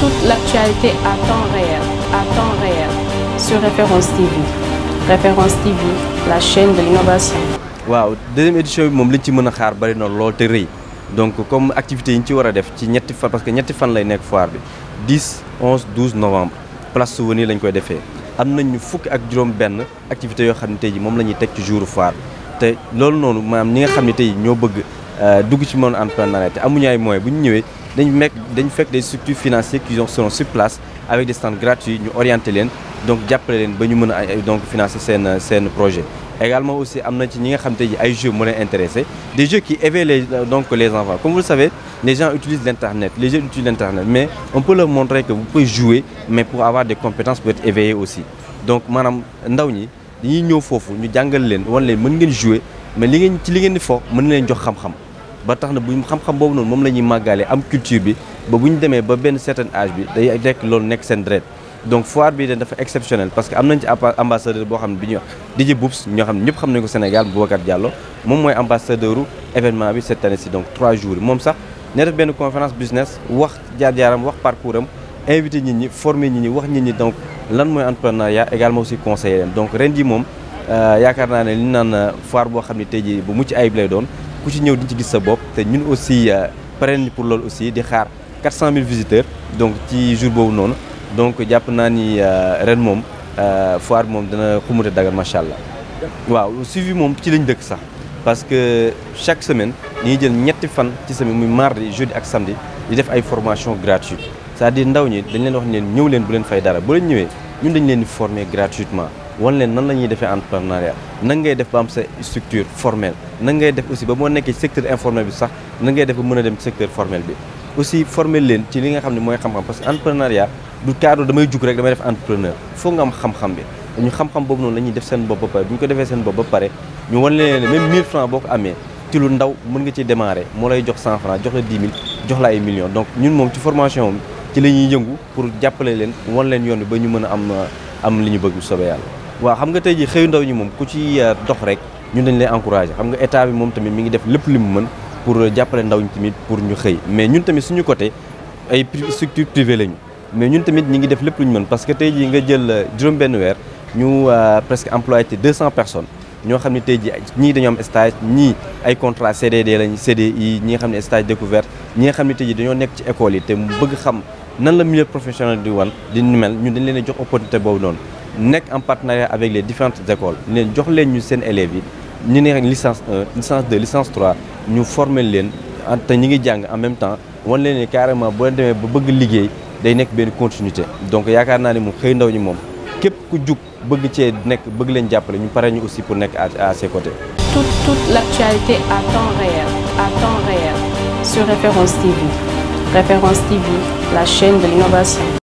toute l'actualité à temps réel, à temps réel, sur Référence TV. Référence TV, la chaîne de l'innovation. waaw deuxième édition bi moom liñ ci mën a xaar bari na lool te rëy donc comme activité yi ñu ci war def ci ñetti parce que ñetti fan lay nekk foire bi 10 11 12 novembre place souvenir lañ koy defee am nañu fukk ak juróom benn activité yoo xam ne tey ji moom la ñuy teg ci jour foire bi te loolu noonu maanaam ñi nga xam ne tey ñoo bëgg euh, dugg ci monde entrepreneuriat te amuñu ay moyens bu ñu ñëwee nous fait des structures financières qui sont sur place avec des stands gratuits Nous orientons donc nous leen ba financer ces projet. également aussi nous des jeux qui intéressé des jeux qui éveillent les enfants comme vous le savez les gens utilisent l'internet les utilisent l'internet mais on peut leur montrer que vous pouvez jouer mais pour avoir des compétences pour être éveillé aussi donc madame ndaw nous sommes ñëw foofu ñu jouer mais ce que ci li ngeen di fo mën ba tax na bu xam-xam bobu non mom lañuy magalé am culture bi ba bu démé ba ben certain âge bi day nek lool nek sen dret donc foire bi dafa exceptionnel parce que am ci ambassadeur bo xam ne wax DJ Boubs ñoo xam ñep ñëpp xam nañ ko Sénégal Boubacar Diallo mom moy ambassadeur événement bi cette année ci donc 3 jours mom sax ne def benn conférence business wax jaar-jaaram wax parcoursam am invité nit ñi former nit ñi wax nit ñi donc lan moy entrepreneuriat également aussi conseiller donc rendi mom moom euh, yaakaar naa li ñu euh, foire bo xamni ne bu mucc ayib lay doon ku ci ñëw di ci gis sa bop té ñun aussi euh, pare pour loolu aussi di xaar 400000 visiteurs donc ci jour boobu non donc japp naa ni euh, ren moom euh, foire mom dana xumute dagal macha allah. waaw suivi mom ci lañ dëkk sax parce que chaque semaine dañuy jël ñetti fan ci semaine muy mardi jeudi ak samedi di def ay formation gratuite c'est-à-dire ndaw ñi dañ leen wax ne ñëw leen bu leen fay dara bu leen ñëwé ñun dañ leen di former gratuitement. wan leen nan la ñuy defee entrepreneuriat nan ngay def ba am sa structure formelle nan ngay def aussi ba moo nekkee secteur informel bi sax nan ngay def ba mën a dem secteur formel bi aussi former leen ci li nga xam ne mooy xam-xam parce que entrepreneuriat du cadre damay jug rek damay def entrepreneur foog nga am xam-xam bi ñu xam-xam boobu noonu la ñuy def seen bopp ba pare bu ñu ko defee seen bopp ba pare ñu wan leen ne même boo ko amee ci lu ndaw mën nga ci démarrer moo lay jox 100 jox la 10 000 jox la ay millions donc ñun moom ci formation ci la ñuy yëngu pour jàppale leen wan leen yoon bi ba ñu mën a am am li ñu bëgg bu soobee waaw xam nga tey ji xëyu ndaw ñi moom ku ci euh, dox rek ñun dañ lay encouragé xam nga état bi moom tamit mi ngi def lépp li mu mën pour euh, jàppale ndaw ñi tamit pour ñu xëy mais ñun tamit suñu côté ay structure privée lañu mais ñun tamit ñi ngi def lépp lu ñu mën parce que tey ji nga jël euh, juróom benn weer ñu presque employé te 200 personnes ñoo xam ne tey ji ñii dañoo am stage ñii ay contrat CDD lañ CDI ñi nga xam ne stage découverte ñi nga xam ne tey ji dañoo nekk ci école yi te mu bëgg xam nan la milieu professionnel di wan ñun dañ leen a jox opportunité boobu noonu nek en partenariat avec les différentes écoles ne jox leen ñu seen élèves yi ñu licence 1 licence 2 licence 3 ñu former leen te ñi ngi jàng en même temps won leen ni carrément boo demee ba bëgg liggéey day nekk benn continuité donc yaakaar naa ne moom xëy ndaw ñi moom képp ku jug bëgg cee nekk bëgg leen jàppale ñu pare ñu aussi pour nekk à à ses côtés. toute toute l'actualité à temps réel à temps réel sur Référence TV Référence TV la chaîne de l'innovation